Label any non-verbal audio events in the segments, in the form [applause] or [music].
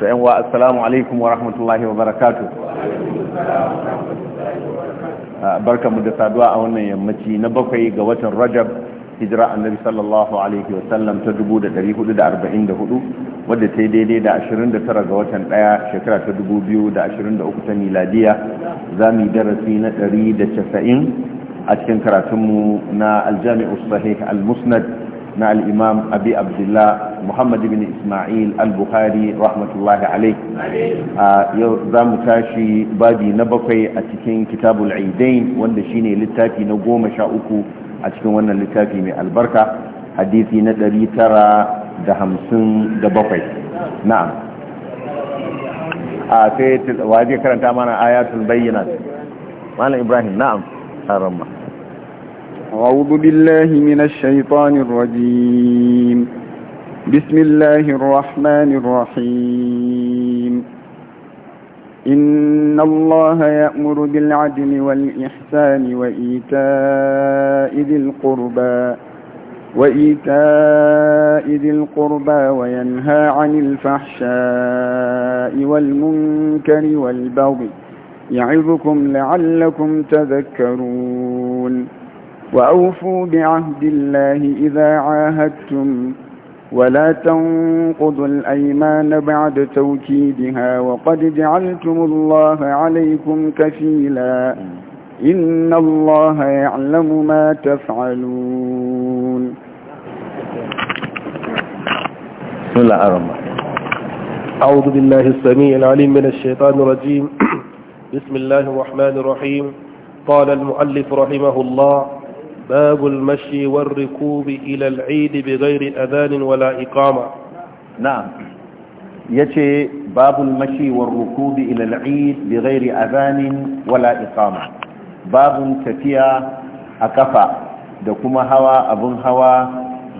to yan wa assalamu alaikum wa rahmatullahi wa barakatuh ah, barkamu da saduwa a wannan yammaci na bakwai ga watan rajab hijira annabi sallallahu alaihi wa sallam ta 1444 wadda ta yi daidai da 29 ga watan daya shekara ta 2023 ta miladiya za mu yi darasi na 190 a cikin karatunmu na aljami'u sahih al-musnad na al'imam abi abdullah muhammad ibn ismail al-bukhari rahmatullahi alai, a yau za mu tashi babi na bakwai a cikin kitabul aidain wanda shine littafi na goma sha uku a cikin wannan littafi mai albarka hadisi na ɗari tara da hamsin da bakwai na'am a sai waje karanta mana ayatul bayyana malam ibrahim na'am haramma أعوذ بالله من الشيطان الرجيم بسم الله الرحمن الرحيم إن الله يأمر بالعدل والإحسان وإيتاء ذي القربى وإيتاء ذي القربى وينهى عن الفحشاء والمنكر والبغي يعظكم لعلكم تذكرون وأوفوا بعهد الله إذا عاهدتم ولا تنقضوا الأيمان بعد توكيدها وقد جعلتم الله عليكم كفيلا إن الله يعلم ما تفعلون بسم الله الرحمن أعوذ بالله السميع العليم من الشيطان الرجيم [clears throat] بسم الله الرحمن الرحيم قال المؤلف رحمه الله باب المشي والركوب إلى العيد بغير أذان ولا إقامة نعم يتي باب المشي والركوب إلى العيد بغير أذان ولا إقامة باب تفيا أكفى دكما هوا أبن هوا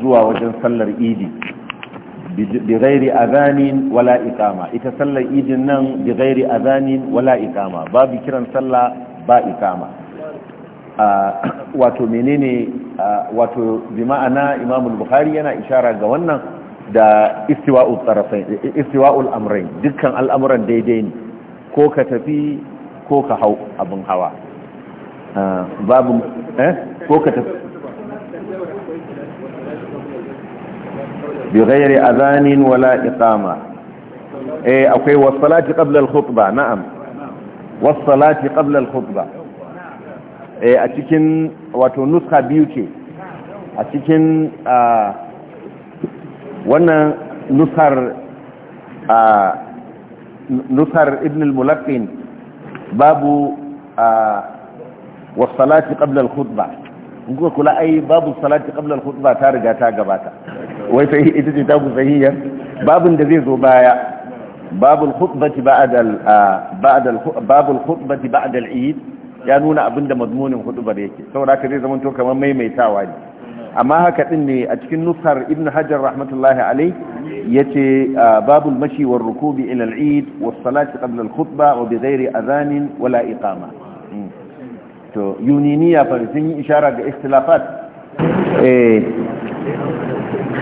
زوا وجن صلر إيدي بغير أذان ولا إقامة إتسلى إيدي النم بغير أذان ولا إقامة باب كرا صلى با إقامة wato menene wato bi ma'ana imam Buhari yana ishara ga wannan da istiwa'ul tarafain istiwa'ul amrain dukkan al'amuran daidai ne ko ka tafi ko ka hau abin hawa babu eh ko ka tafi bi ghairi adhanin wala iqama eh akwai was salati qabla al khutbah na'am was salati qabla al khutbah Eh, a cikin wato nuska biyu ce a cikin wannan nusar Nusar ibn al-mulaqin babu wasalati qabla al-khutbah kuka kula ai babu salati qabla al-khutbah ta riga ta gabata wai sai ita ce ta ku sahiya babun da zai zo baya babu al-khutbati ba'da al-ba'da al-khutbati ba'da al-eid ya nuna abin da mazmunin hudubar yake saboda haka zai zama to kamar maimaitawa ne amma haka din ne a cikin nusar ibn hajar rahmatullahi alai yace babul mashi war rukubi ila al-eid was salati qabla al-khutba wa bighairi adhan wala iqama hmm. to yuniniya fa sun yi ishara ga ikhtilafat eh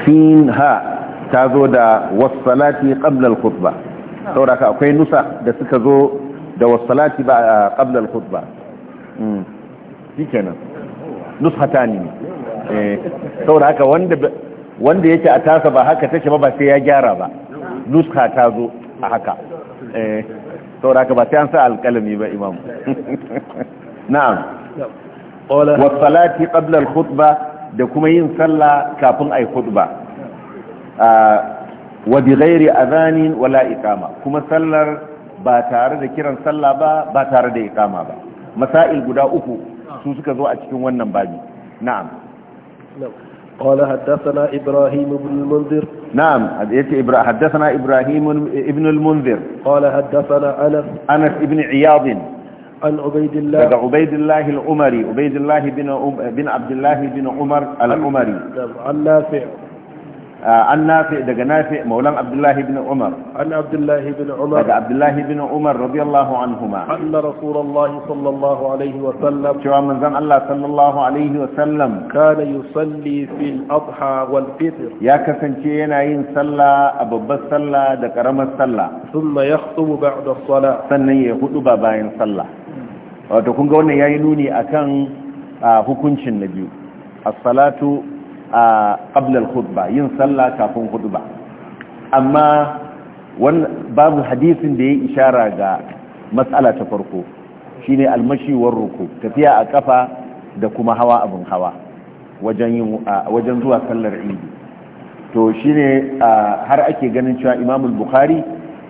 fin ha tazo da was salati qabla al-khutba saboda akwai nusa da suka zo da wasu salati ba a al-khutba Mm. shi kenan ta ne eh, saboda haka wanda yake a tasa ba haka ta ba ba sai ya gyara ba nuska ta zo a haka eh, saboda haka ba sai an sa alƙalami ba imam [laughs] na'am wasalati qabla al-khutba da kuma yin sallah kafin ai khutba ah, wa bi ghairi adhanin wala iqama kuma sallar ba tare da kiran sallah ba ba tare da iqama ba masail guda uku su suka zo a cikin wannan babi na'am قال حدثنا إبراهيم بن المنذر نعم حدثنا إبراهيم ابن المنذر قال حدثنا أنس أنس ابن عياض عن عبيد الله لدى عبيد الله العمري عبيد الله بن, بن عبد الله بن عمر العمري عن نافع an nafi daga nafi maulan abdullahi bin umar an abdullahi bin umar daga abdullahi bin umar radiyallahu anhuma anna rasulullahi sallallahu alaihi wa sallam cewa manzon Allah sallallahu alaihi wa sallam kana yusalli fil adha wal ya kasance yana yin sallah a babbar sallah da ƙaramar sallah thumma yakhutubu ba'da as-salah sannan ya hudu bayan sallah wato kun ga wannan yayi nuni akan hukuncin na biyu as-salatu a qabla hudba yin sallah kafin hudba amma babu hadisin da ya yi ishara ga matsala ta farko shine almashi almashiwar ruku tafiya a kafa da kuma hawa abin hawa wajen zuwa sallar idi to shine har ake ganin cewa imamul bukari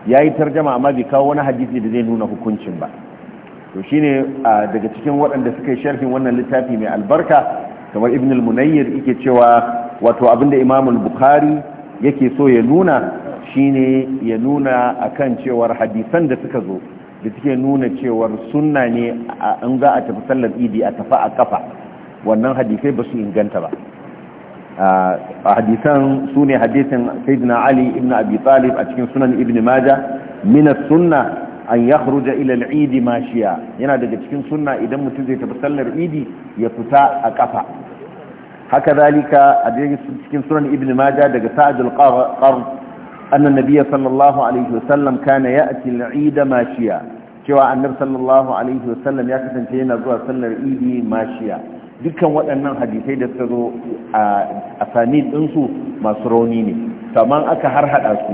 ya yi tarjama amma bai kawo wani hadisi da zai nuna hukuncin ba to shine daga cikin waɗanda suka yi sharhin wannan littafi mai albarka kamar ibn al-munayyir yake cewa wato abinda imam al-bukhari yake so ya nuna shine ya nuna akan cewar hadisan da suka zo da suke nuna cewar sunna ne an za a tafi sallar idi a tafi a kafa wannan hadisai ba su inganta ba a hadisan su ne hadisin sayyidina ali ibn abi talib a cikin sunan ibn maja min sunna an ya ila al-eid mashiya yana daga cikin sunna idan mutum zai tafi sallar idi ya fita a kafa haka zalika a cikin sunan ibn Maja daga sa'ad al anna nabiyya sallallahu alaihi wasallam kana ya'ti al-eid mashiya cewa annabi sallallahu alaihi sallam ya kasance yana zuwa sallar idi mashiya dukkan waɗannan hadisai da suka zo a sami ɗinsu masu rauni ne saman aka har haɗa su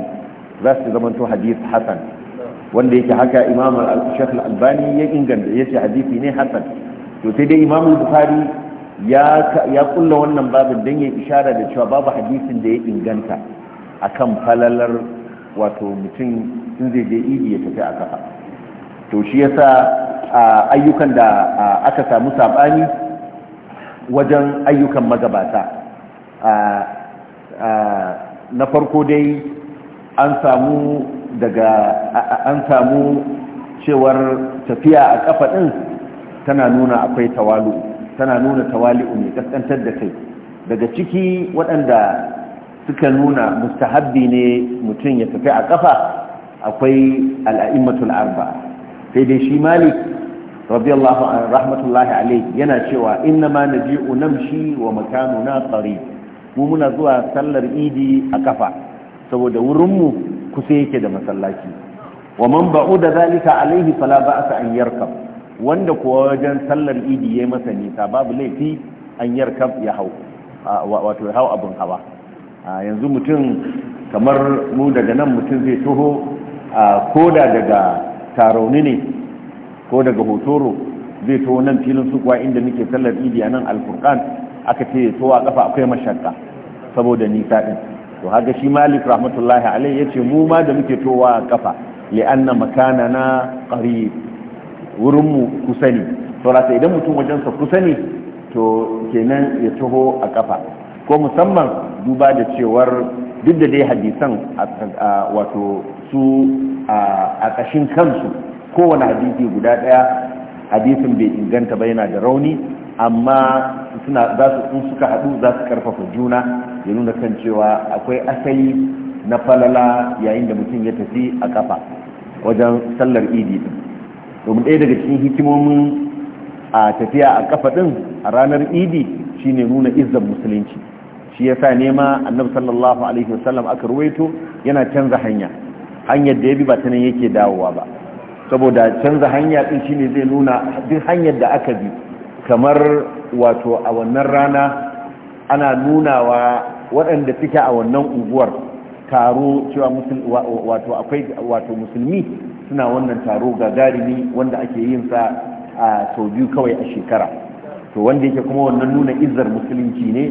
za su zamanto hadis hasan wanda yake haka imam al-shaykh al-albani ya inganta yace hadisi ne hasan to sai dai imam al-bukhari ya kulla wannan babin don ya ishara da cewa babu hadisin da ya inganta akan falalar wato mutum in zai je idi ya tafi a kafa to shi yasa ayyukan da aka samu saɓani wajen ayyukan magabata na farko dai an samu daga an samu cewar tafiya a kafa din tana nuna akwai tawalu tana nuna tawali'u ne kaskantar da kai daga ciki waɗanda suka nuna mustahabbi ne mutum ya tafi a ƙafa akwai al'a'immatul arba sai dai shi malik radiyallahu an rahmatullahi alaihi yana cewa inna ma naji'u namshi wa na tsari mu muna zuwa sallar idi a ƙafa. saboda wurinmu kusa yake da masallaci wa man ba'u da zalika alaihi fala ba'asa an yarkab wanda kuwa wajen sallar idi ya yi masa nisa babu laifi an kaf ya hau wato hau abin hawa yanzu mutum kamar mu daga nan mutum zai toho ko da daga tarauni ne ko daga hotoro zai toho nan filin sukuwa inda muke sallar idi a nan alfurkan aka ce to kafa akwai mashakka saboda nisa ɗin to haka shi malik rahmatullahi ya ce mu ma da muke towa a kafa li'anna na qarib wurin mu kusa ne saurasa idan mutum wajensa kusa ne to kenan ya taho a kafa ko musamman duba da cewar duk da dai hadisan wato su a ƙashin kansu kowane hadisi guda ɗaya hadisin bai inganta ba yana da rauni amma suna za su in suka haɗu za su karfafa juna ya nuna kan cewa akwai asali na falala yayin da mutum ya tafi a kafa wajen sallar idi din domin ɗaya daga cikin hikimomin a tafiya a kafa ɗin a ranar idi shine nuna izzar musulunci shi ya sa nema annabi sallallahu alaihi wasallam aka ruwaito yana canza hanya hanyar da ya bi ba ta nan yake dawowa ba saboda canza hanya ɗin shi ne zai nuna duk hanyar da aka bi kamar wato a wannan rana ana nunawa waɗanda suke a wannan unguwar taro cewa wato akwai wato musulmi suna wannan taro ga garimi wanda ake yin sa a sau biyu kawai a shekara to wanda yake kuma wannan nuna izzar musulunci ne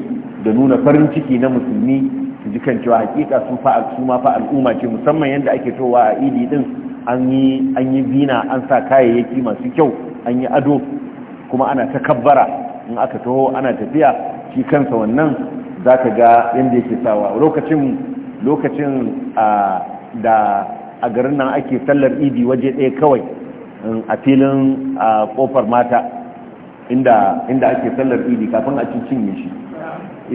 da nuna farin ciki na musulmi su ji kan cewa hakika su fa su ma fa al'umma ce musamman yanda ake towa a idi din an yi an yi zina an sa kayayyaki masu kyau an yi ado kuma ana takabbara in aka taho ana tafiya shi kansa wannan zaka ga yanda yake sawa lokacin lokacin da a garin nan ake sallar idi waje ɗaya kawai mm, a filin kofar mata inda ake sallar idi kafin a cinye shi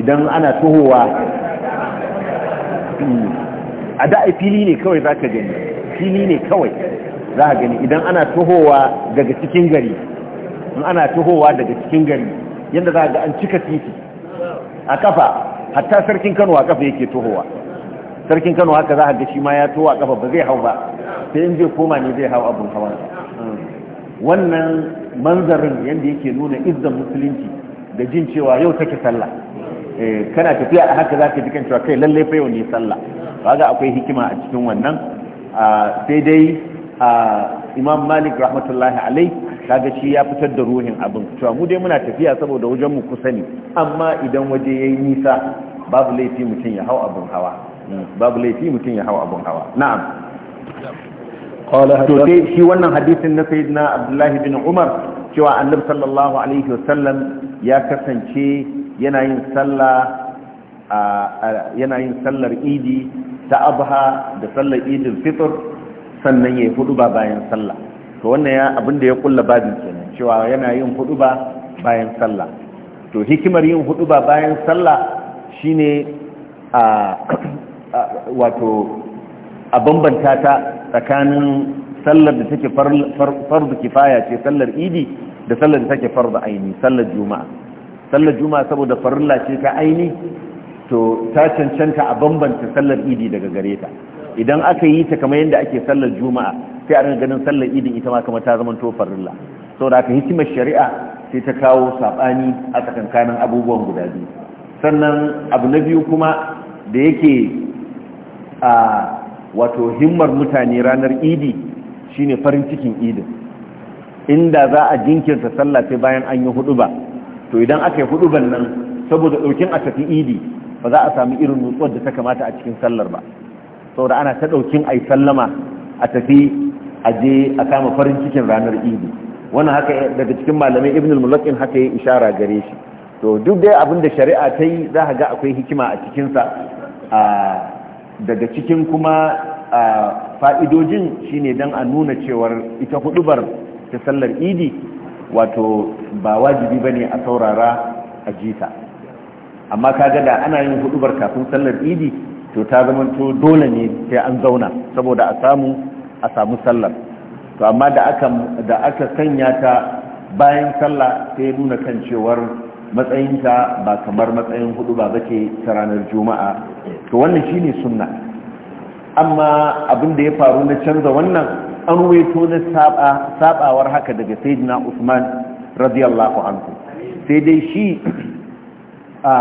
idan ana tohowa mm, a da'a fili ne kawai za ka gani fili ne kawai za ka gani idan ana tohowa daga cikin gari in ana tohowa daga cikin gari yadda za ga an cika titi a kafa hatta sarkin kano a kafa yake tohowa sarkin kano haka za a ga shi ma ya towa kafa ba zai hau ba sai in zai koma ne zai hau abin hawa wannan manzarin yadda yake nuna izzan musulunci da jin cewa yau take sallah eh, kana tafiya a haka za ka ji cewa kai lallai fa yau ne sallah ga akwai hikima a cikin wannan sai dai imam malik rahmatullahi alai kaga shi ya fitar da ruhin abin cewa mu dai muna tafiya saboda wajen mu kusa ne amma idan waje yayi nisa babu laifi mutum ya hau abin hawa babu laifi mutum ya hawa abun hawa na'am to sai shi wannan hadisin na sayyidina abdullahi bin umar cewa annabi sallallahu alaihi wasallam ya kasance yana yin sallah yana yin sallar idi ta abha da sallar idin fitr sannan ya fudu ba bayan sallah to wannan ya abinda ya kulla babin kenan cewa yana yin hudu ba bayan sallah to hikimar yin fudu ba bayan sallah shine a wato a bambanta ta tsakanin sallar da take farzu kifaya ce sallar idi da sallar da take farzu aini sallar juma'a sallar juma'a saboda farilla ce ta aini to ta cancanta a bambanta sallar idi daga gare ta idan aka yi ta kamar yadda ake sallar juma'a sai a ganin sallar idi ita ma kamar ta zama to farilla saboda aka hikimar shari'a sai ta kawo saɓani a tsakankanin abubuwan guda biyu sannan abu na biyu kuma da yake a wato himmar mutane ranar idi shine farin cikin idin inda za a jinkirta sallah sai bayan an yi huduba to idan aka yi huduban nan saboda daukin a tafi idi ba za a sami irin nutsuwar da ta kamata a cikin sallar ba saboda ana ta daukin ai sallama a tafi a je a kama farin cikin ranar idi wannan haka daga cikin malamai ibn al mulakin haka ya ishara gare shi to duk dai abin da shari'a ta yi za ga akwai hikima a cikinsa a daga cikin kuma fa'idojin shine don a nuna cewar ita hudubar ta sallar idi wato ba wajibi ba ne a saurara a jita amma kaga da ana yin hudubar kafin sallar idi to ta zamanto dole ne sai an zauna saboda a samu a samu sallar to amma da aka da aka sanya ta bayan sallah sai nuna kan cewar matsayinta ba kamar matsayin hudu ba bace ta ranar juma'a to wannan shine sunna amma abin da ya faru na canza wannan an ruwaito na sabawar haka daga sayyidina Usman radiyallahu anhu sai dai shi a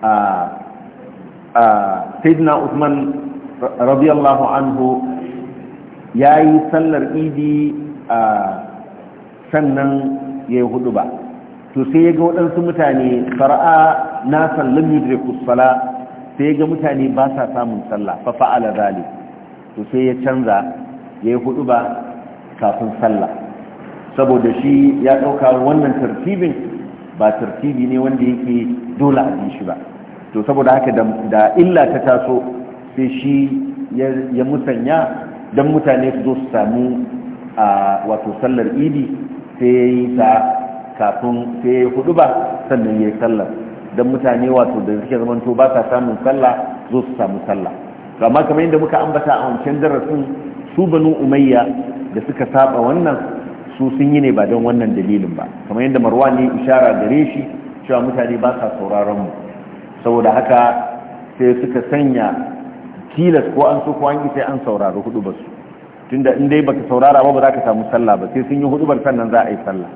a a sayyidina Usman radiyallahu anhu yayi sallar idi a sannan yayi hudu ba to sai ya ga waɗansu mutane fara'a na sallam yudriku sala sai ya ga mutane ba sa samun sallah fa fa'ala zali to sai ya canza ya yi hudu ba kafin sallah saboda shi ya ɗauka wannan tartibin ba tartibi ne wanda yake dole a bi shi ba to saboda haka da illa ta taso sai shi ya musanya don mutane su zo su samu a wato sallar idi sai ya yi ta kafin sai ya hudu ba sannan ya yi sallah don mutane wato da suke zamanto ba sa samun sallah zo su samu sallah amma kamar yadda muka ambata a wancan darasin su banu umayya da suka saba wannan su sun yi ne ba don wannan dalilin ba kamar yadda marwa ne ishara gare shi cewa mutane ba sa sauraron mu saboda haka sai suka sanya tilas ko an so ko an yi an saurari hudu ba su tunda in dai baka saurara ba ba za ka samu sallah ba sai sun yi hudubar sannan za a yi sallah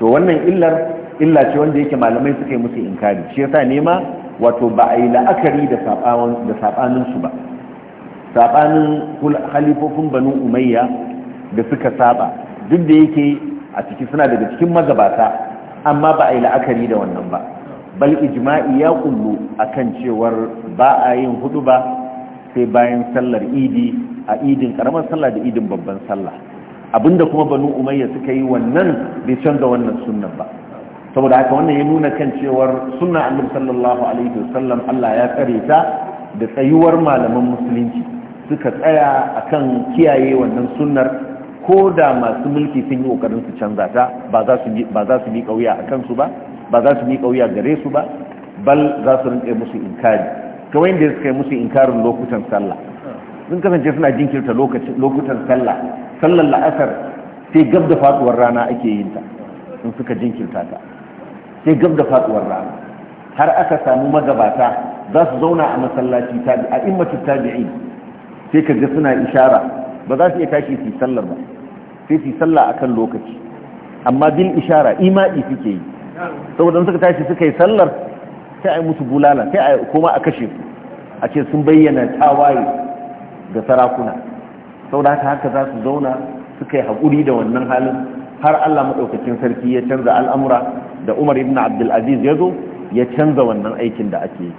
to wannan illar illa ce wanda yake malamai suka yi musu inkari shi yasa nema wato ba a yi la'akari da saɓaninsu ba Saɓanin halifofin banu umayya da suka saba duk da yake a ciki suna daga cikin magabata amma ba a yi la'akari da wannan ba bal ijma'i ya kullu akan cewar ba a yin hudu ba sai bayan sallar idi a idin karamar sallah da idin babban sallah abinda kuma banu umayya suka yi wannan bai canza wannan sunnan ba saboda haka wannan ya nuna kan cewar sunna annabi sallallahu alaihi wasallam Allah ya tsare ta da tsayuwar malaman musulunci suka tsaya akan kiyaye wannan sunnar ko da masu mulki sun yi kokarin su canza ta ba za su ba za su miƙa wuya akan su ba ba za su miƙa wuya gare su ba bal za su rinƙa musu inkari kawai inda suka yi musu inkarin lokutan sallah sun kasance suna jinkirta lokutan sallah sallar la'asar sai gab da faduwar rana ake yin ta sun suka jinkirta ta sai gab da faduwar rana har aka samu magabata za su zauna a masallaci ta, a immatu tabi'in sai ka ga suna ishara ba za su iya tashi su sallar ba sai su sallah akan lokaci amma bil ishara ima'i suke yi saboda suka tashi suka yi sallar sai a yi musu bulala sai a kuma a kashe su a ce sun bayyana tawaye da sarakuna saboda haka haka za su zauna suka yi haƙuri da wannan halin har Allah maɗaukacin sarki ya canza al'amura da Umar ibn Abdulaziz ya zo ya canza wannan aikin da ake yi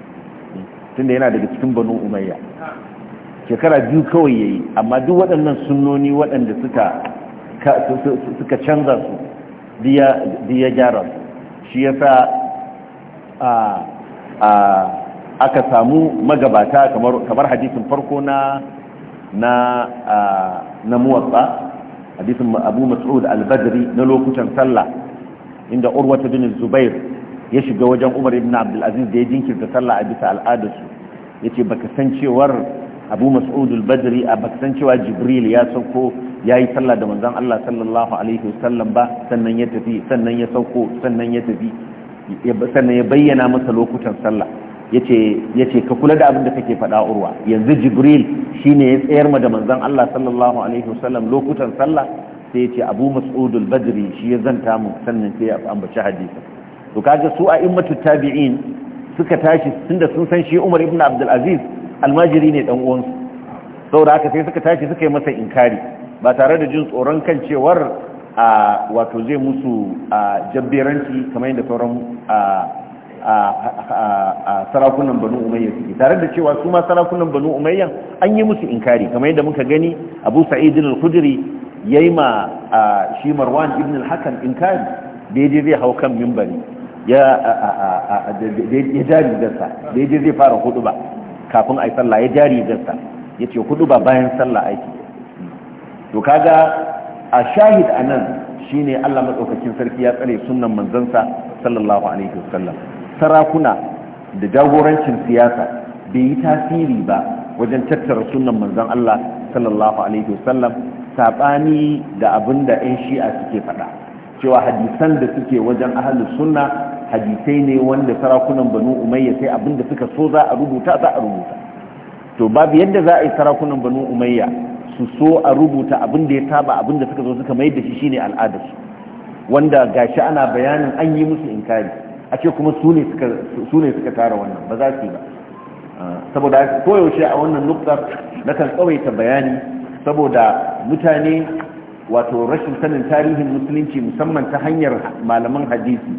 tunda yana daga cikin banu umayya shekara biyu kawai ya yi amma duk waɗannan sunoni waɗanda suka canza su biya gyara su shi ya sa aka samu magabata kamar hadisin farko na na na muwatsa hadisin abu mas'ud al-badri na lokutan sallah inda urwata bin zubair ya shiga wajen umar ibn abdul aziz da ya jinkirta sallah a bisa al'adarsu yace baka san cewar abu mas'ud al-badri a baka san cewa jibril ya sauko yayi sallah da manzon Allah sallallahu alaihi wasallam ba sannan ya tafi sannan ya sauko sannan ya tafi sannan ya bayyana masa lokutan sallah yace ce ka kula da abin da kake faɗa urwa yanzu jibril shine ya tsayar ma da manzon Allah sallallahu alaihi wasallam lokutan sallah sai ya abu mas'udul badri shi ya zanta mu sannan sai ya ambaci hadisi to kaga su a immatu tabi'in suka tashi tunda sun san shi Umar ibn Abdul Aziz almajiri ne dan uwansu saboda haka sai suka tashi suka yi masa inkari ba tare da jin tsoron kan cewar wato zai musu jabberanci kamar yadda sauran a sarakunan banu umayya suke tare da cewa su ma sarakunan banu umayya an yi musu inkari kamar yadda muka gani abu sa'id al-khudri yayi ma shi marwan ibn al-hakam inkari da yaje zai hau kan minbari ya ya jari sa da yaje zai fara huduba kafin ai sallah ya jari sa yace huduba bayan sallah aiki to kaga a shahid anan shine Allah madaukakin sarki ya tsare sunnan manzansa sallallahu alaihi wasallam sarakuna da jagorancin siyasa bai yi tasiri ba wajen tattara sunan manzon Allah sallallahu alaihi wasallam sabani da abin da shi'a suke faɗa cewa hadisan da suke wajen ahalus sunna hadisai ne wanda sarakunan banu umayya sai abin da suka so za a rubuta za a rubuta to babu yadda za a yi sarakunan banu umayya su so a rubuta abin da ya saba abin da suka zo suka mai da shi shine al'adarsu wanda gashi ana bayanin an yi musu inkari a ce kuma su ne suka tara wannan ba za su yi ba ah, saboda koyaushe a wannan nukta na kan tsawaita bayani saboda mutane wato rashin sanin tarihin musulunci musamman ta hanyar malaman hadisi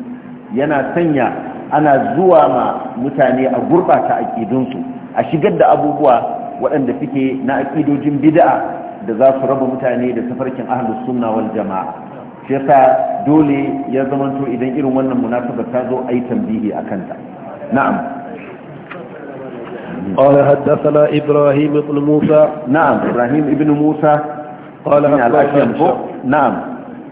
yana sanya ana zuwa ma mutane a gurɓata aƙidunsu a shigar da abubuwa waɗanda suke na aƙidojin bida'a da za su raba mutane da tafarkin ahlus sunna jama'a shi yasa dole ya zamanto idan irin wannan munasabar ta zo ai tambihi a kanta na'am قال حدثنا إبراهيم بن موسى نعم إبراهيم بن موسى قال أخبرنا هشام نعم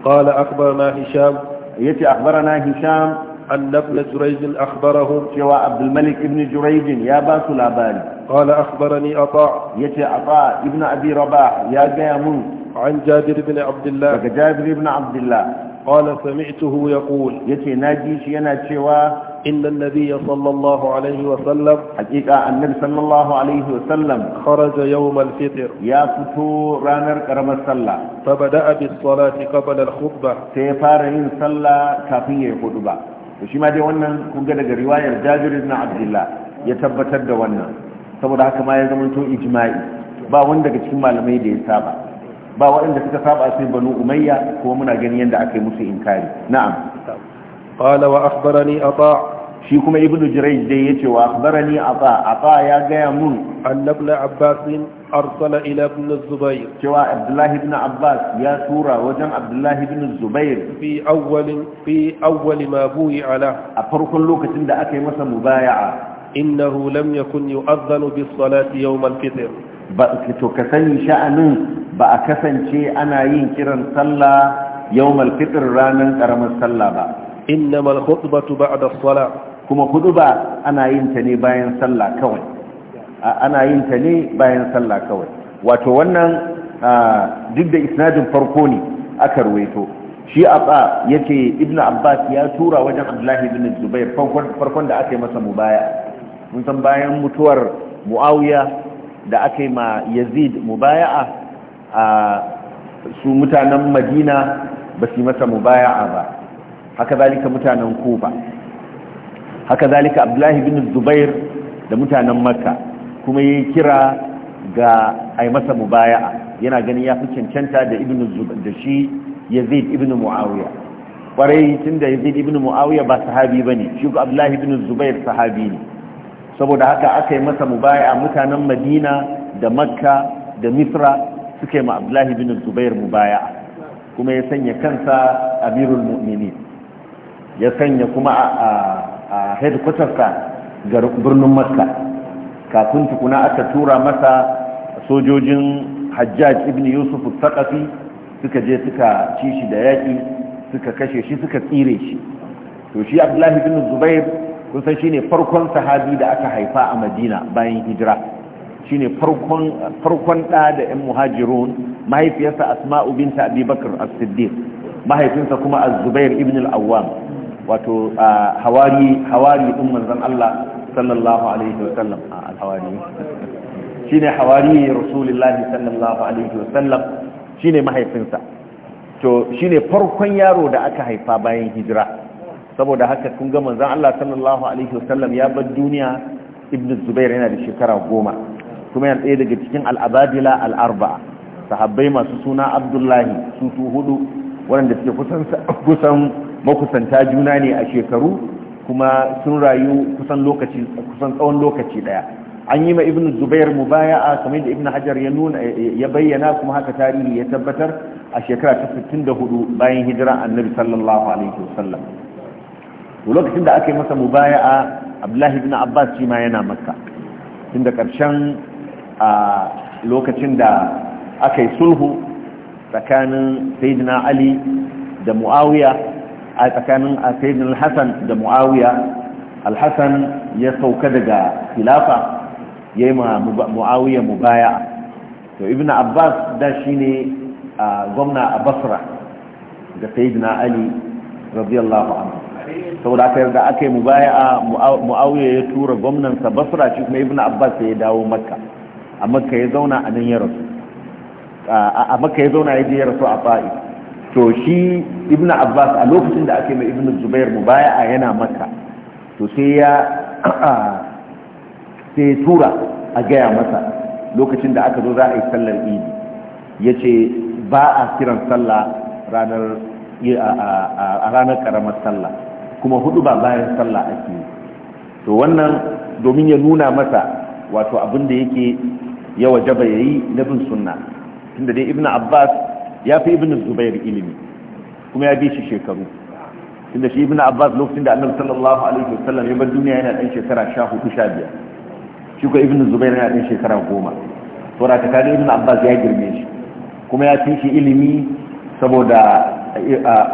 قال أخبرنا هشام يتي أخبرنا هشام أن ابن جريج اخبره سوى عبد الملك ابن جريج يا باس الأبان قال أخبرني أطاع يتي أطاع ابن أبي رباح يا جامون عن جابر بن عبد الله daga jabir ibn abdullah قال سمعته يقول yace naji shi yana cewa إن النبي صلى الله عليه وسلم حقيقة النبي صلى الله عليه وسلم خرج يوم الفطر يا فتو رانر كرم الصلاة فبدأ بالصلاة قبل الخطبة سيفارين صلى كافية خطبة وشي ما دي ونن كون قد رواية جابر بن عبد الله يتبتد ونن saboda haka ma ya zamanto ijma'i ba wanda daga cikin malamai da ya saba ba waɗanda suka saba sai banu umayya kuma muna gani yadda aka yi musu inkari na'am qala wa akhbarani ata shi kuma ibnu jurayj dai yace wa akhbarani ata ata ya gaya mun annabna abbas arsala ila ibn zubair cewa abdullahi ibn abbas ya tura wajen abdullahi ibn zubair fi awwal fi awwal ma bu'i ala a farkon lokacin da aka yi masa mubaya'a innahu lam yakun yu'adhdhanu bis salati yawm al-fitr to ka sani sha'anin ba a kasance ana yin kiran sallah yawmal fitr ranar karamar sallah ba ba khutbatu ba'da as-salah kuma ba ana yin ta ne bayan sallah kawai ana yin ta ne bayan sallah kawai wato wannan duk da isnadin farko ne aka ruwaito shi abba yace Ibn abbas ya tura wajen abdullahi ibn zubair farkon da aka yi masa baya. mun san bayan mutuwar muawiya da aka yi ma yazid mubaya'a a su mutanen madina ba su yi masa mubaya'a ba haka zalika mutanen kufa haka zalika abdullahi bin zubair da mutanen makka kuma ya kira ga a masa mubaya'a yana ganin ya fi cancanta da ibn zubair da shi yazid ibn muawiya kwarai tun da yazid ibn muawiya ba sahabi ba ne shi abdullahi bin zubair sahabi ne saboda haka aka yi masa mubaya mutanen madina da makka da misra suka ma abdullahi bin zubair mubaya kuma ya sanya kansa amirul mu'mini ya sanya kuma a headquartersa ga birnin makka kafin tukuna aka tura masa sojojin hajjaj ibn yusuf al suka je suka ci shi da yaƙi suka kashe shi suka tsire shi to shi abdullahi bin zubair kun san shine farkon sahabi da aka haifa a madina bayan hijira shine farkon farkon da da yan muhajirun mahaifiyarsa asma'u binta abubakar as-siddiq mahaifinsa kuma az-zubair ibn al-awwam wato hawari hawari din manzon Allah sallallahu alaihi wa sallam al-hawari shine hawari rasulullahi sallallahu alaihi wa sallam shine mahaifinsa to shine farkon yaro da aka haifa bayan hijira saboda haka kun ga manzon Allah sallallahu alaihi wasallam ya bar duniya ibnu zubair yana da shekara goma kuma yana ɗaya daga cikin al'abadila al'arba'a sahabbai masu suna abdullahi su su hudu waɗanda suke kusan makusanta juna ne a shekaru kuma sun rayu kusan lokaci kusan tsawon lokaci daya an yi ma ibnu zubair mubaya'a kamar da ibn hajar ya nuna ya bayyana kuma haka tarihi ya tabbatar a shekara ta 64 bayan hijira annabi sallallahu alaihi wasallam to lokacin da aka yi masa mubaya'a abdullahi ibn abbas shi ma yana makka tun da ƙarshen a lokacin da aka yi sulhu tsakanin sayyidina ali da muawiya a tsakanin sayyidina al da muawiya al-hasan ya sauka daga khilafa ya yi muawiya mubaya'a to ibn abbas da shi ne gwamna a basra da sayyidina ali radiyallahu anhu saboda aka yarda aka yi mubaya'a mu'awiya ya tura gwamnansa basra shi kuma ibn abbas ya dawo makka a makka ya zauna a nan ya rasu a makka ya zauna ya je ya rasu a fa'i to shi ibn abbas a lokacin da aka yi mai ibn zubair mubaya'a yana makka to sai ya [clears throat] sai tura a gaya masa lokacin da aka zo za a yi sallar idi ya ce ba a kiran sallah ranar a ranar karamar sallah kuma hudu ba bayan sallah ake yi to wannan domin ya nuna masa wato abin da yake ya wajaba ya yi na bin sunna tunda dai ibn abbas ya fi ibn zubair ilimi kuma ya bi shi shekaru tunda shi ibn abbas lokacin da annabi sallallahu alaihi wasallam ya bar duniya yana dan shekara 14 15 shi ko ibn zubair yana dan shekara 10 to ra ta ibn abbas ya girme shi kuma ya fi shi ilimi saboda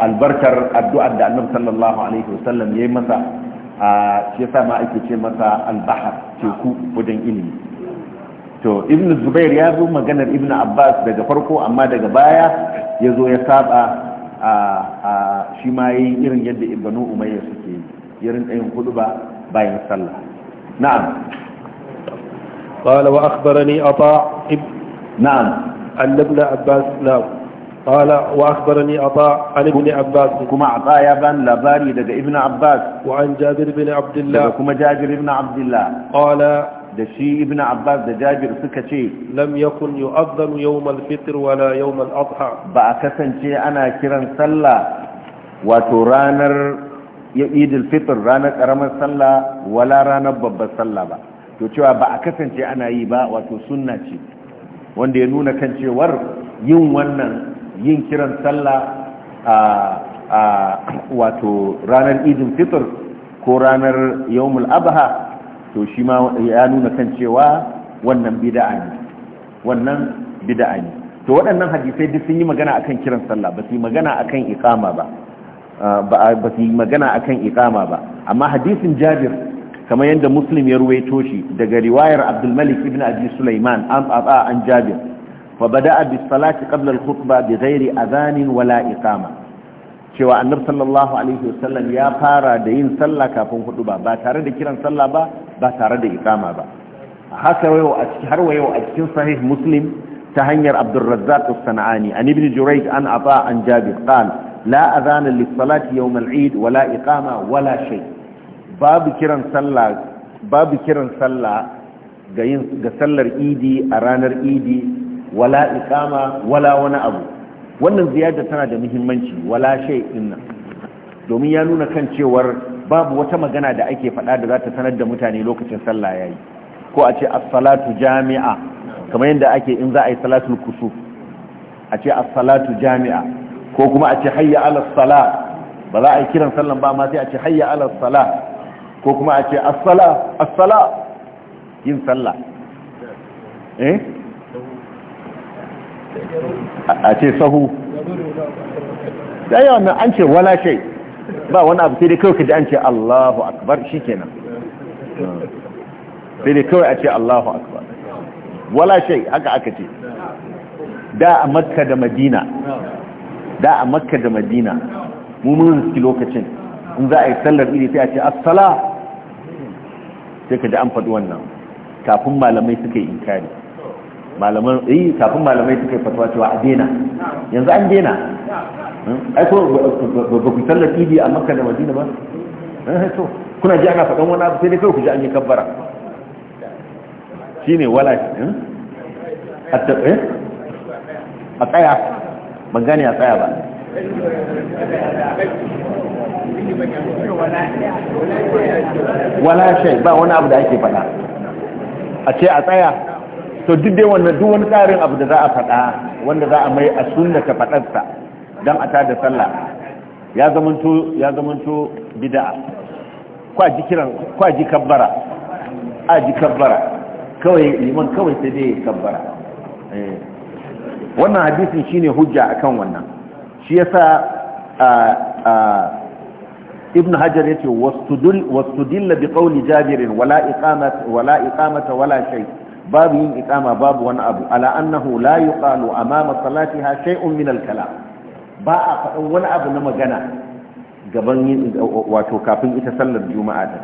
albarkar addu'ar da annabi sallallahu alaihi wasallam yi masa a shi yasa ma ake ce masa albahar teku wajen ilimi to ibnu zubair ya zo maganar ibnu abbas daga farko amma daga baya ya zo ya saba a shi ma yayi irin yadda ibnu umayya suke yi irin ɗayan hudu ba bayan sallah na'am قال وأخبرني أطاع نعم أن ابن عباس قال وأخبرني عطاء عن ابن عباس كما عطاء يا لباري دقى ابن عباس وعن جابر بن عبد الله كما جابر بن عبد الله قال da shi ibn abbas da jabir suka ce lam yakun yu'adhdhanu yawm al-fitr wala yawm al ba a kasance ana kiran sallah wato ranar Eid al-Fitr ranar karamar sallah wala ranar babbar sallah ba to cewa ba a kasance ana yi ba wato sunna ce wanda ya nuna kan cewar yin wannan yin kiran sallah a wato ranar idin fitur ko ranar yawmul abha to shi ma ya nuna kan cewa wannan bida'a ne wannan bida'a ne to waɗannan hadisai duk sun yi magana akan kiran sallah ba su yi magana akan iqama ba ba su yi magana akan iqama ba amma hadisin Jabir kamar yadda Muslim ya ruwaito shi daga riwayar Abdulmalik ibn Abi Sulaiman an an Jabir فبدأ بالصلاة قبل الخطبة بغير أذان ولا إقامة cewa annabi sallallahu alaihi wasallam ya fara da yin sallah kafin hudu ba ba tare da kiran sallah ba ba tare da iqama ba haka wayo a cikin har wayo a cikin sahih muslim ta hanyar abdul razzaq as-sanani an ibn jurayj an ata an jabir qala la adhana lis-salati yawm al-eid wa la iqama wa la shay babu kiran sallah babu kiran sallah ga yin ga sallar idi a ranar idi wala iqama wala wani abu wannan ziyada tana da muhimmanci wala shay dinnan domin ya nuna kan cewar babu wata magana da ake faɗa da za ta sanar da mutane lokacin sallah yayi ko a ce as-salatu jami'a kamar yadda ake in za a yi salatul kusuf a ce as-salatu jami'a ko kuma a ce hayya ala salah ba za a yi kiran sallan ba ma sai a ce hayya ala salah ko kuma a ce as salah as salah yin sallah eh a ce sahu da yawan nan an ce wala shai ba wani abu sai dai kawai kaji an ce Allahu akbar shi kenan. sai dai kawai a ce Allahu akbar wala shai haka aka ce da a makka da madina da a makka da madina mu mun lokacin in za a yi sallar iri sai a ce assala sai kaji an faɗi wannan kafin malamai suka yi inkari malaman eh kafin malamai suka yi fatwa cewa a dena, yanzu an dena. Hmm? ai ko ba ku sallar idi a makka da madina ba eh to kuna ji ana faɗan wani abu sai dai kawai ku ji an yi kabbara shine wala hmm? a taɓe eh? a tsaya ban gane a tsaya ba wala shai ba wani abu da ake faɗa a ce a tsaya to duk dai wannan duk wani tsarin abu da za a faɗa wanda za a mai a sunna ta faɗarsa don a tada sallah ya zamanto ya zamanto bid'a kwaji kiran kwaji kabbara ji kabbara kawai liman kawai sai dai kabbara eh. wannan hadisin shine hujja akan wannan shi yasa ibn hajar yace واستدل واستدل بقول جابر wala اقامه ولا اقامه wala شيء babu yin ikama babu wani abu ala annahu la yuqalu amama salatiha shay'un min al-kalam ba a faɗin wani abu na magana gaban yin wato kafin ita sallar juma'a din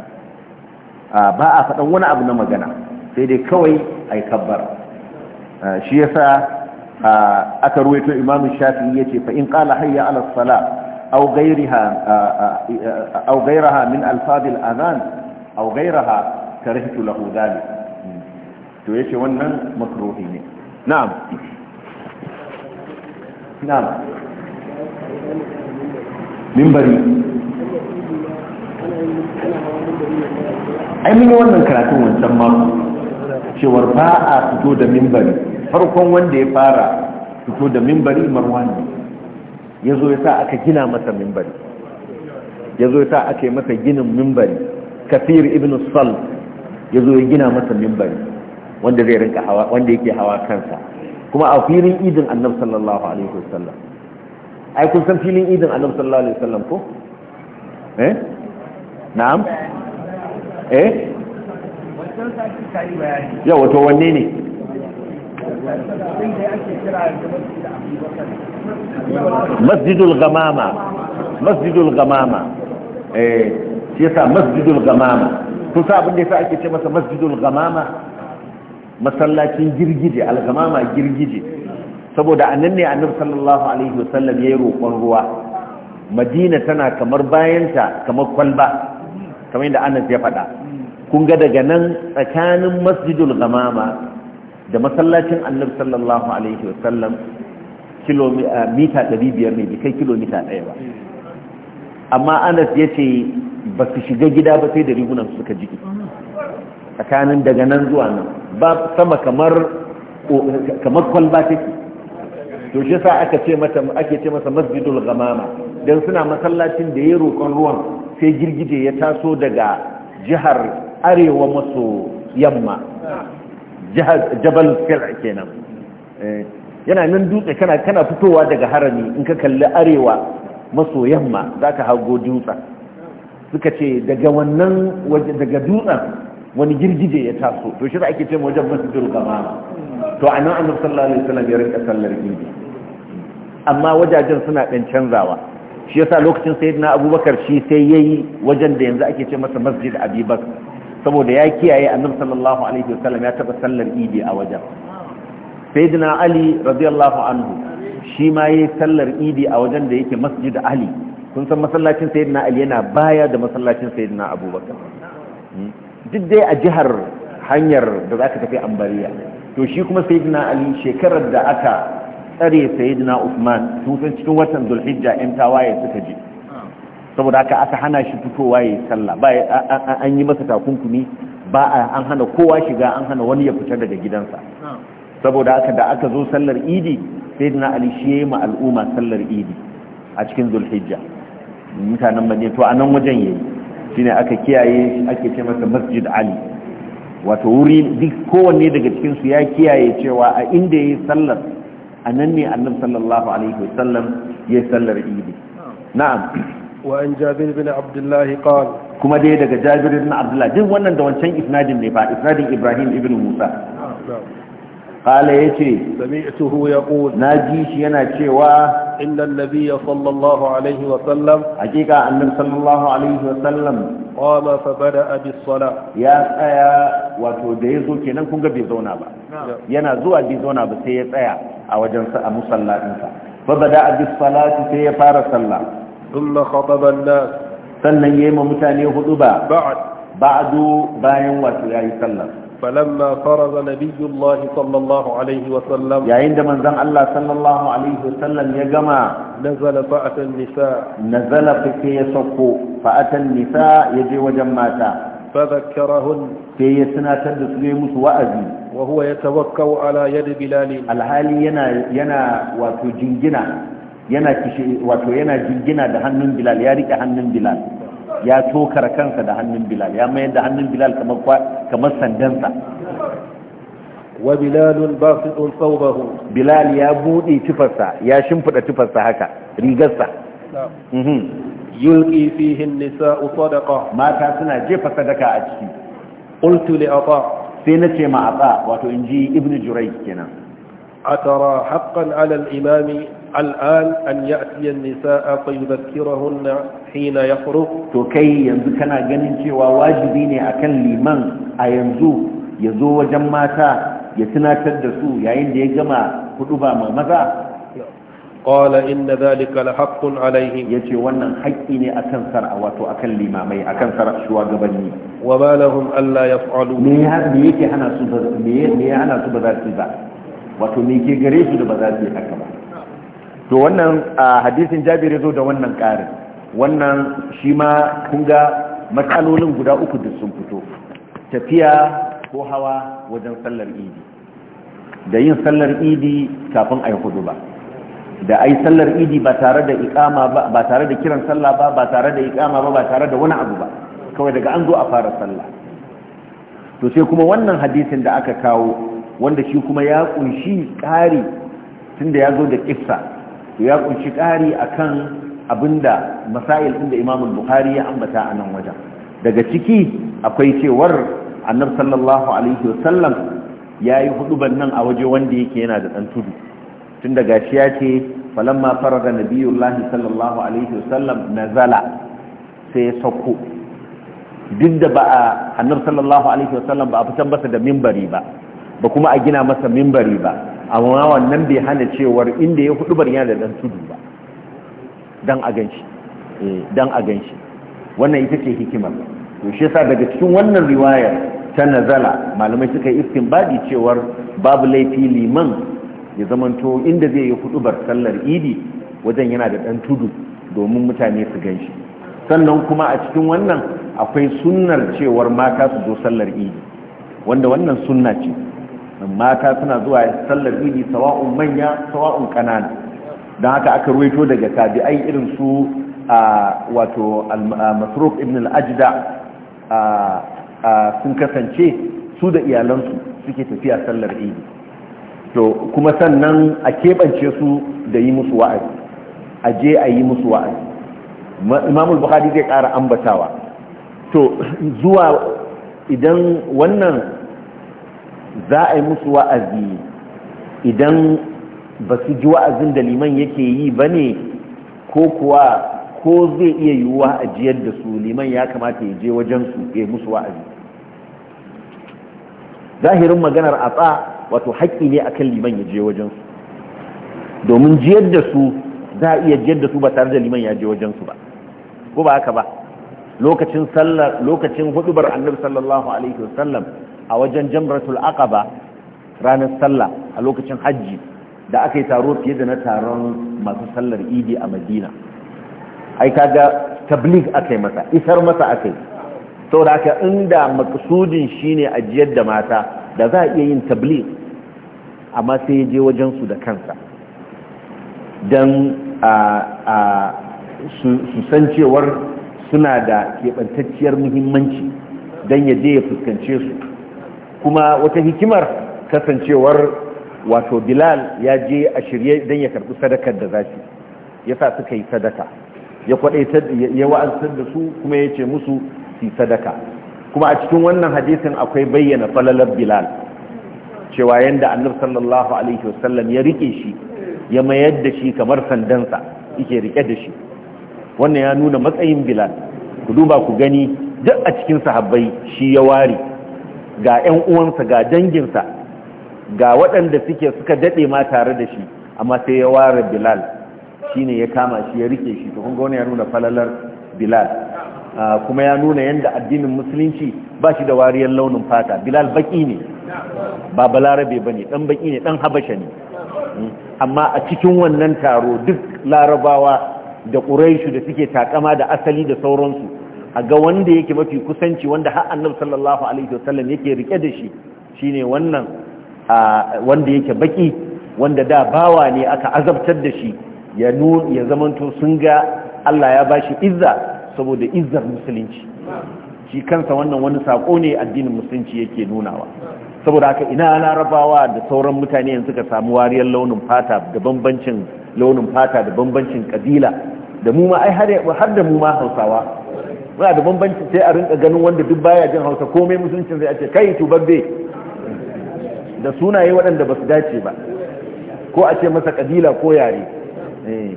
ba a faɗin wani abu na magana sai dai kawai ai kabbara shi yasa aka ruwaito imamu shafi'i yace fa in qala hayya ala salat min غيرها أو غيرها من ألفاظ الأذان أو غيرها to yace wannan makruhi ne na'am na'am mimbari ai mun yi wannan karatun wancan mako cewar ba a fito da mimbari farkon wanda ya fara fito da mimbari marwan ya zo ya sa aka gina masa mimbari ya zo ya sa aka yi masa ginin mimbari kafir ibn sal ya zo ya gina masa mimbari wanda zai rinka hawa wanda yake hawa kansa kuma a filin idin annabi sallallahu alaihi wasallam ai kun san filin idin annabi sallallahu alaihi wasallam ko eh na'am eh Ya wato wanne ne masjidul gamama masjidul gamama eh shi yasa masjidul gamama to sa abin da yasa ake ce masa masjidul gamama masallacin girgije algamama girgije saboda annan ne annabi sallallahu alaihi wasallam yayin roƙon ruwa madina tana kamar bayanta kamar kwalba kamar yadda Anas ya faɗa kun ga daga nan tsakanin masjidul gamama da masallacin annabi sallallahu alaihi wasallam kilomita 500 eh, ne kai kilomita ɗaya ba amma Anas ya ce ba su shiga gida ba sai da rigunan suka jiki tsakanin daga nan zuwa nan ba sama kamar kamar kwalba take to shi sa aka ce mata ake ce masa masjidul ghamama dan suna masallacin da ya roƙon ruwan sai girgije ya taso daga jihar arewa maso yamma jihar jabal kenan eh, yana nan dutse kana kana fitowa daga harami in ka kalli arewa maso yamma zaka hago dutsen suka ce daga wannan daga dutsen wani girgije ya taso to shi ake ce wajen masjidul gama to a nan annabi sallallahu alaihi wasallam ya rinka sallar girgije amma wajajen suna dan canzawa shi yasa lokacin sayyidina abubakar shi sai yayi wajen da yanzu ake ce masa masjid abubakar saboda ya kiyaye annabi sallallahu alaihi wasallam ya taba sallar idi a wajen sayyidina ali radiyallahu anhu shi ma yayi sallar idi a wajen da yake masjid ali kun san masallacin sayyidina ali yana baya da masallacin sayyidina abubakar duk dai a jihar hanyar da za ka tafi ambariya to shi kuma sayyidina ali shekarar da aka tsare sayyidina usman tun san cikin watan dulhijja yan tawaye suka je saboda haka aka hana shi fitowa ya sallah ba an yi masa takunkumi ba an hana kowa shiga an hana wani ya fita daga gidansa saboda haka da aka zo sallar idi sayyidina ali shi ya yi ma al'umma sallar idi a cikin zulhijja mutanen madina to a nan wajen yayi shine aka kiyaye ake ce masa masjid ali wato wuri duk kowanne daga cikin su ya kiyaye cewa a inda yayi sallar anan ne annabi sallallahu alaihi wasallam ya sallar idi na'am wa an jabir bin abdullah qal kuma dai daga jabir bin abdullah din wannan da wancan isnadin ne fa isnadin ibrahim ibn musa kala ya ce sami'tuhu yaqul na ji shi yana cewa inna ya sallallahu alaihi wa sallam hakika annabi sallallahu alaihi wa sallam qama fa bada'a bis sala ya tsaya wato da ya zo kenan kun ga bai zauna ba yana zuwa bai zauna ba sai ya tsaya a wajen sa a musallatin sa fa bada'a bis salati sai ya fara sallah thumma khataba an-nas sannan yi ma mutane hudu ba ba'd ba'du bayan wato ya yi sallah فلما فرض نبي الله صلى الله عليه وسلم يا عند من زن الله صلى الله عليه وسلم يا جماعة نزل فأتى النساء نزل في يسقو فأتى النساء يجي وجماتا فذكرهن في يسنا تدس ليمس وأزي وهو يتوكأ على يد بلال الحالي ينا ينا وتجنجنا yana kishi wato yana jingina da hannun bilal ya rike hannun bilal ya tokar kansa da hannun bilal ya mayar da hannun bilal kamar sandansa wa bilalun basitun thawbahu bilal ya buɗe tufarsa ya shimfida tufarsa haka rigarsa mhm. yulqi fihi an sadaqa mata suna jefa sadaka a ciki qultu li ata sai nace ma ata wato inji ibnu jurai kenan atara haqqan ala al-imami الآن أن يأتي النساء فيذكرهن hina ya furo to kai yanzu kana ganin cewa wajibi ne akan liman a yanzu ya zo wajen mata ya tunatar da su yayin da ya gama hudu ba ma maza qala inna dhalika la haqqun ya ce wannan haƙƙi ne akan sar'a wato akan limamai akan sar'a shugabanni wa ma lahum alla yaf'alu me ya me yake hana su me me ya hana su ba za su ba wato me ke gare su da ba za su yi haka ba to wannan hadisin Jabir zo da wannan ƙarin wannan shi ma kunga matsalolin guda uku da sun fito tafiya ko hawa wajen sallar idi da yin sallar idi kafin a yi hudu ba da ai sallar idi ba tare da ikama ba ba tare da kiran sallah ba ba tare da ikama ba ba tare da wani abu ba kawai daga an zo a fara sallah to sai kuma wannan hadisin da aka kawo wanda shi kuma ya kunshi ƙari tunda ya zo da kissa to ya kunshi ƙari akan abinda masail inda imamul Imam Bukhari ya ambata a nan wajen daga ciki akwai cewar Annabi sallallahu alaihi wasallam yayi huduban nan a waje wanda yake yana da dan tudu tun daga shi ya ce falamma faraga nabiyullahi sallallahu alaihi wasallam nazala sai sako duk da ba a annabi sallallahu alaihi wasallam ba a fitan masa da mimbari ba ba kuma a gina masa mimbari ba amma wannan bai hana cewar inda ya hudu yana da dan tudu ba Dan a ganshi eh, don a ganshi wannan ita ce hikimar to shi yasa daga cikin wannan riwaya ta nazala malamai suka yi istinbadi cewar babu laifi liman ya zamanto inda zai yi huɗubar sallar idi wajen yana da dan tudu domin mutane su ganshi sannan kuma a cikin wannan akwai sunnar cewar mata su zo sallar idi wanda wannan sunna ce mata suna zuwa sallar idi sawa'un manya sawa'un ƙanana. don haka aka ruwaito daga tabi'ai irin su wato masruf ibn al-ajda sun kasance su da iyalansu suke tafiya sallar idi to kuma sannan a keɓance su da yi musu wa'azi a je a yi musu wa'azi imamul Buhari zai ƙara ambatawa to zuwa idan wannan za a yi musu wa'azi idan ba su ji wa'azin da liman yake yi ba ne ko kuwa ko zai iya yiwuwa a jiyar da su liman ya kamata ya je wajen su ya musu wa'azi zahirin maganar a tsa wato haƙƙi ne akan liman ya je wajen su domin jiyar da su za a iya jiyar da su ba tare da liman ya je wajen su ba ko ba haka ba lokacin sallar lokacin hudubar annabi sallallahu alaihi wasallam a wajen jamratul aqaba ranar sallah a lokacin hajji da aka yi taro fiye da na taron masu sallar idi a madina ai kaga tablig aka yi masa isar masa aka yi saboda haka inda makasudin shine ajiyar da mata da za a iya yin tablig amma sai ya je wajen su da kansa don su san cewar suna da keɓantacciyar muhimmanci don ya je ya fuskance su kuma wata hikimar kasancewar wato bilal ya je a shirye don ya karɓi sadakar da za ya sa suka yi sadaka ya wa'ansar da su kuma ya ce musu su sadaka kuma a cikin wannan hadisin akwai bayyana falalar bilal cewa yadda annabi sallallahu alaihi wasallam ya riƙe shi ya mayar da shi kamar sandansa yake riƙe da shi wannan ya nuna matsayin bilal ku duba ku gani duk a cikin sahabbai shi ya ware ga 'yan uwansa ga danginsa ga waɗanda suke suka daɗe ma tare da shi amma sai ya ware bilal shi ne ya kama shi ya rike shi to gauna ya nuna falalar bilal ah, kuma ya nuna yadda addinin musulunci ba shi da wariyar launin fata bilal baƙi ne ba balarabe ba ne ɗan baƙi ne ɗan habasha ne hmm. amma a cikin wannan taro duk larabawa da ƙuraishu da suke takama da asali da sauransu a ga wanda yake mafi kusanci wanda har annabi sallallahu alaihi wasallam yake rike da shi shine wannan wanda yake baki wanda da bawa ne aka azabtar da shi ya nun ya zamanto sun ga Allah ya bashi izza saboda izzar musulunci shi kansa wannan wani sako ne addinin musulunci yake nunawa saboda haka ina larabawa da sauran mutane yanzu ka samu wariyar launin fata da bambancin launin fata da bambancin kabila da mu ma ai har da mu ma hausawa muna da bambanci sai a rinka ganin wanda duk baya jin hausa komai musulunci sai a ce kai tubabbe da sunaye waɗanda ba su dace ba ko a ce masa ƙabila ko yare eh,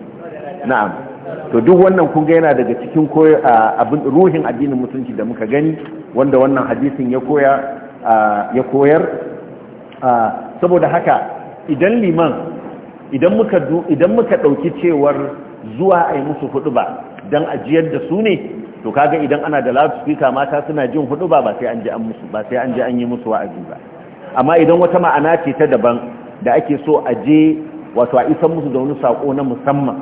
na'am to duk wannan kunga yana daga cikin ruhin addinin musulunci da muka gani wanda wannan hadisin ya koyar saboda haka idan liman idan muka ɗauki cewar zuwa a musu hudu ba don ajiyar da su ne to kaga idan ana da loudspeaker mata suna jin hudu ba ba sai an ji an an yi musu wa'azi ba amma idan wata ma'ana ce ta daban da ake so a je wato a isan musu da wani sako na musamman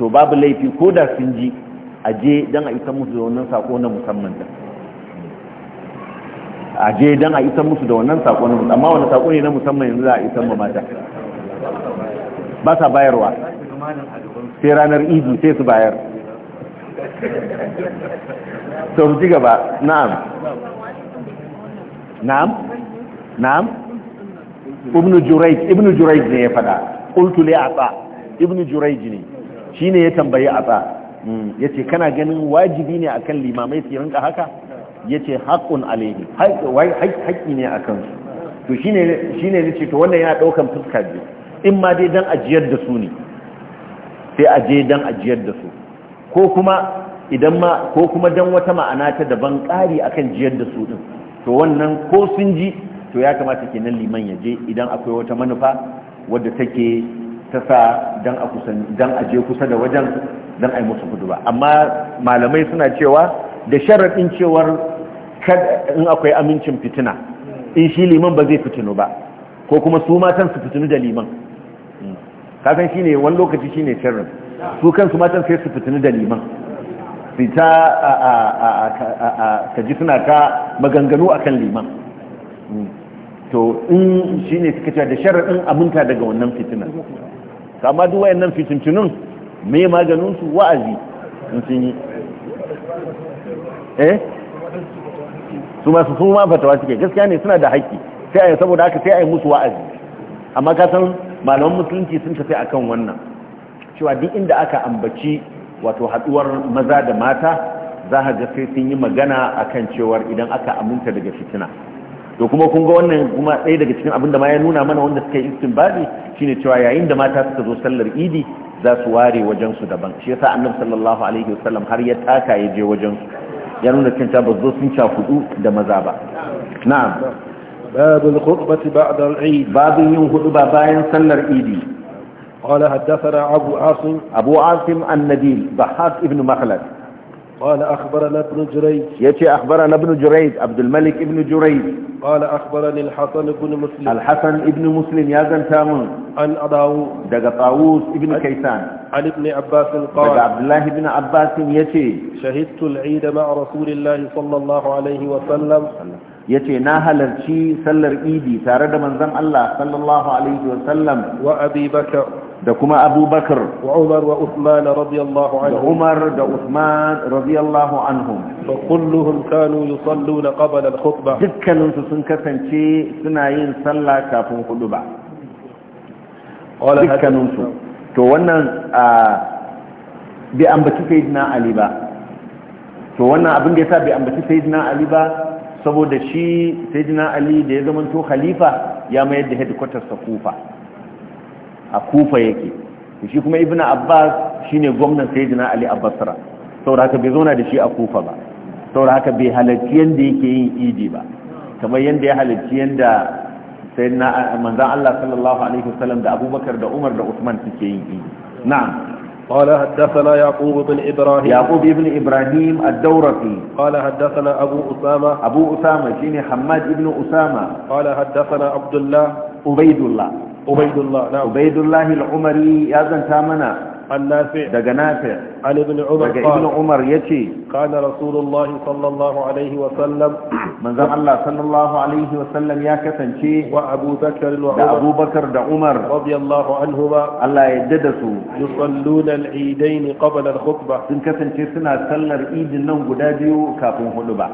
to babu laifi ko da sun ji a je don a isan musu da wannan sako na musamman da a je don a isan musu da wannan sako na musamman amma wani sako ne na musamman yanzu za a isan ma mata ba sa bayarwa sai ranar idi sai su bayar sau ci gaba na'am na'am na'am ibnu jurayj ibnu jurayj ne ya fada qultu li ata ibnu jurayj ne shine ya tambayi ata hmm. yace kana ganin wajibi ne akan limamai su rinka haka yace haqqun alayhi haƙƙi ne akan su to shine shine nace to wannan yana daukan fuska biyu in ma dai dan ajiyar da su ne sai a je dan ajiyar da su ko kuma idan ma ko kuma dan wata ma'ana ta daban ƙari akan jiyar da su din to wannan ko sun ji to ya kamata kenan liman ya je idan akwai wata manufa wadda take ta sa dan a je kusa da wajen dan ai musu hudu ba amma malamai suna cewa da sharadin cewar in akwai amincin fitina in shi liman ba zai fitinu ba ko kuma su matan su fitinu da liman hmm. kasan shine wani lokaci shine sharrin su kansu matan sai su fitinu da liman fita a ka ji suna ka maganganu akan liman to in shi ne suka cewa da sharaɗin aminta daga wannan fitina. kama duk wayannan fitintunin mai maganinsu wa'azi in sun yi eh su masu sun ma fatawa suke gaskiya ne suna da haƙƙi sai a yi saboda haka sai a yi musu wa'azi amma ka san malaman musulunci sun tafi a kan wannan cewa duk inda aka ambaci wato haɗuwar maza da mata za a ga sai sun yi magana a kan cewar idan aka aminta daga fitina to kuma kun ga wannan kuma ɗaya daga cikin abin da ma ya nuna mana wanda suka yi istinbabi shine cewa yayin da mata suka zo sallar idi za su ware wajen su daban shi yasa annabi sallallahu alaihi wasallam har ya taka ya je wajen su ya nuna cewa ba zo sun hudu da maza ba na'am babul khutbati ba'da al-eid babin yin khutba bayan sallar idi قال حدثنا أبو عاصم أبو عاصم النبيل ضحاك ibn مخلد قال أخبرنا ابن جريج يتي أخبرنا ابن جريج عبد الملك ابن جريج قال أخبرني الحسن بن مسلم الحسن ابن مسلم يا زنتامون عن أداو دقى طاووس ابن كيسان عن ابن عباس قال دقى عبد الله بن عباس يتي شهدت العيد مع رسول الله صلى الله عليه وسلم ya ce na halarci sallar idi tare da manzan Allah sallallahu Alaihi wasallam wa abi bakar da kuma abubakar wa umar wa usman radiyallahu anhu umar da usman radiyallahu anhu fa kulluhum kanu yusalluna qabla al-khutbah dukkanin su sun kasance suna yin sallah kafin wala dukkanin su to wannan bi ambaci sayyidina ali ba to wannan abin da yasa bai ambaci sayyidina ali ba saboda shi sayyidina ali da ya zama to khalifa ya mayar da headquarters sa kufa a kufa yake shi kuma ibn abbas shine gwamnan sayyidina ali abbasra saboda haka bai zauna da shi a kufa ba saboda haka bai halarci yanda yake yin idi ba kamar yanda ya halarci yanda sayyidina manzon Allah sallallahu alaihi wasallam da abubakar da umar da usman suke yin idi na'am قال حدثنا يعقوب بن إبراهيم يعقوب بن إبراهيم الدورقي قال حدثنا أبو أسامة أبو أسامة شيني حماد بن أسامة قال حدثنا عبد الله عبيد الله ubaidullah na ubaidullah ya zanta mana annafi daga nafi ali ibn umar daga ibn umar yace kana rasulullahi sallallahu alaihi wasallam. [clears throat] Manzan. Allah sallallahu alaihi wasallam ya kasance wa Abubakar bakar umar abu bakar da umar radiyallahu anhuma Allah ya dada su yusalluna al-eidain qabla al sun kasance suna sallar idin nan guda biyu kafin huduba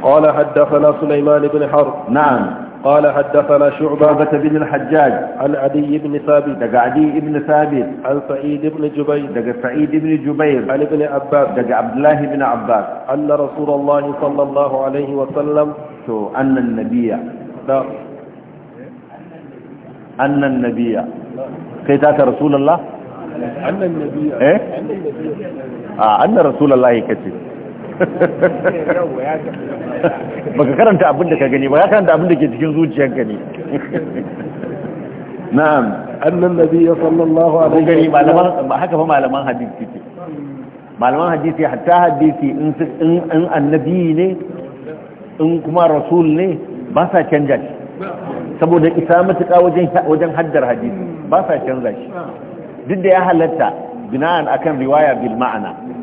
قال حدثنا سليمان بن حرب نعم قال حدثنا شعبة بن الحجاج عن عدي بن ثابت دق عدي بن ثابت عن سعيد بن جبير دق سعيد بن جبير عن ابن عباس دق عبد الله بن عباس أن رسول الله صلى الله عليه وسلم أن النبي أن النبي كي تاتى رسول الله أن النبي إيه أن آه، رسول الله كثير baka karanta abin da ka gani ba ya karanta abin da ke cikin zuciyar gani na'am annan nabi sallallahu alaihi gani malaman ba haka fa malaman hadisi ke malaman hadisi hatta hadisi in in annabi ne in kuma rasul ne ba sa canja shi saboda isa matuka wajen wajen haddar hadisi ba sa canza shi duk da ya halatta bina'an akan riwaya bil ma'ana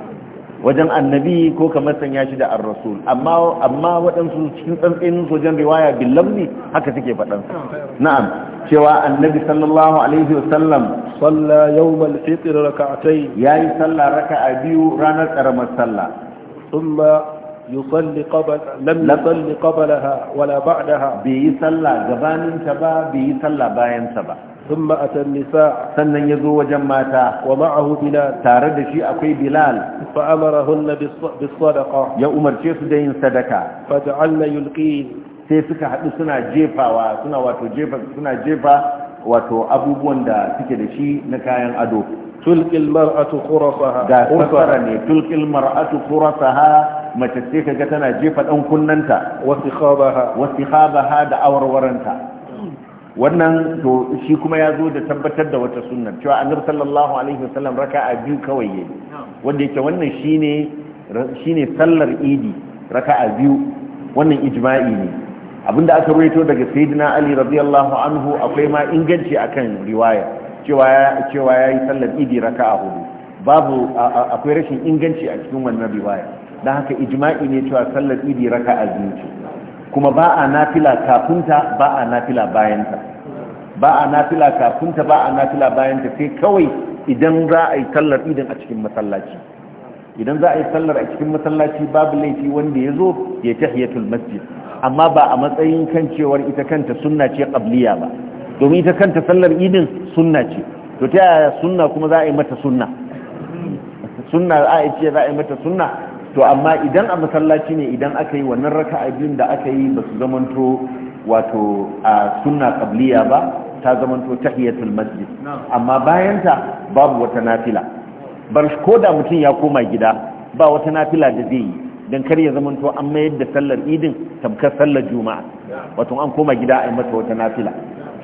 wajen annabi ko kamar sanya shi da ar-rasul amma amma waɗansu cikin tsantsenin wajen riwaya billamni haka suke faɗan na'am cewa annabi sallallahu alaihi wasallam salla yawmal fitr rak'atayn yayi sallah raka'a biyu ranar karamar sallah thumma yusalli qabla lam yusalli qablaha wala ba'daha bi sallah gabanin ta ba bi sallah bayan ta ba ثم أتى النساء سنن يزو وجماتا ومعه بلال تارد شيء أقوي بلال فأمرهن بالصدقة يا أمر شيء سدين صدقة فجعلنا يلقين سيسك حد سنة جيفا وسنة واتو جيفا سنة جيفا واتو أبو بوندا سكد شيء نكاين أدو تلقي المرأة خرصها خرصها تلقي المرأة خرصها mace ce ka ga tana jefa ɗan kunnanta wasu khaba ha da awarwaranta wannan to shi kuma ya zo da tabbatar da wata sunna cewa annabi sallallahu alaihi wasallam raka'a biyu kawai yi wanda yake wannan shine shine sallar idi raka'a biyu wannan ijma'i ne abinda aka rawaito daga sayyidina ali radiyallahu anhu akwai ma inganci akan riwaya cewa cewa yayi sallar idi raka'a hudu babu akwai rashin inganci a cikin wannan riwaya dan haka ijma'i ne cewa sallar idi raka'a biyu ce kuma ba a nafila kafinta ba a nafila bayanta ba a nafila kafinta ba a nafila bayanta sai kawai idan za a yi sallar idan a cikin masallaci idan za a yi sallar a cikin masallaci babu laifi wanda ya zo ya tahiyatul masjid amma ba a matsayin kan cewar ita kanta sunna ce qabliya ba domin ita kanta sallar idin sunna ce to ta yaya sunna kuma za a yi mata sunna sunna za a ce za a yi mata sunna to amma idan a masallaci ne idan aka yi wannan raka abin da aka yi ba su zamanto wato a sunna qabliya ba ta zamanto tahiyatul masjid amma bayanta babu wata nafila bar ko da mutum ya koma gida ba wata nafila da zai yi dan kar ya zamanto an mayar da sallar idin tamkar sallar juma'a wato an koma gida a yi mata wata nafila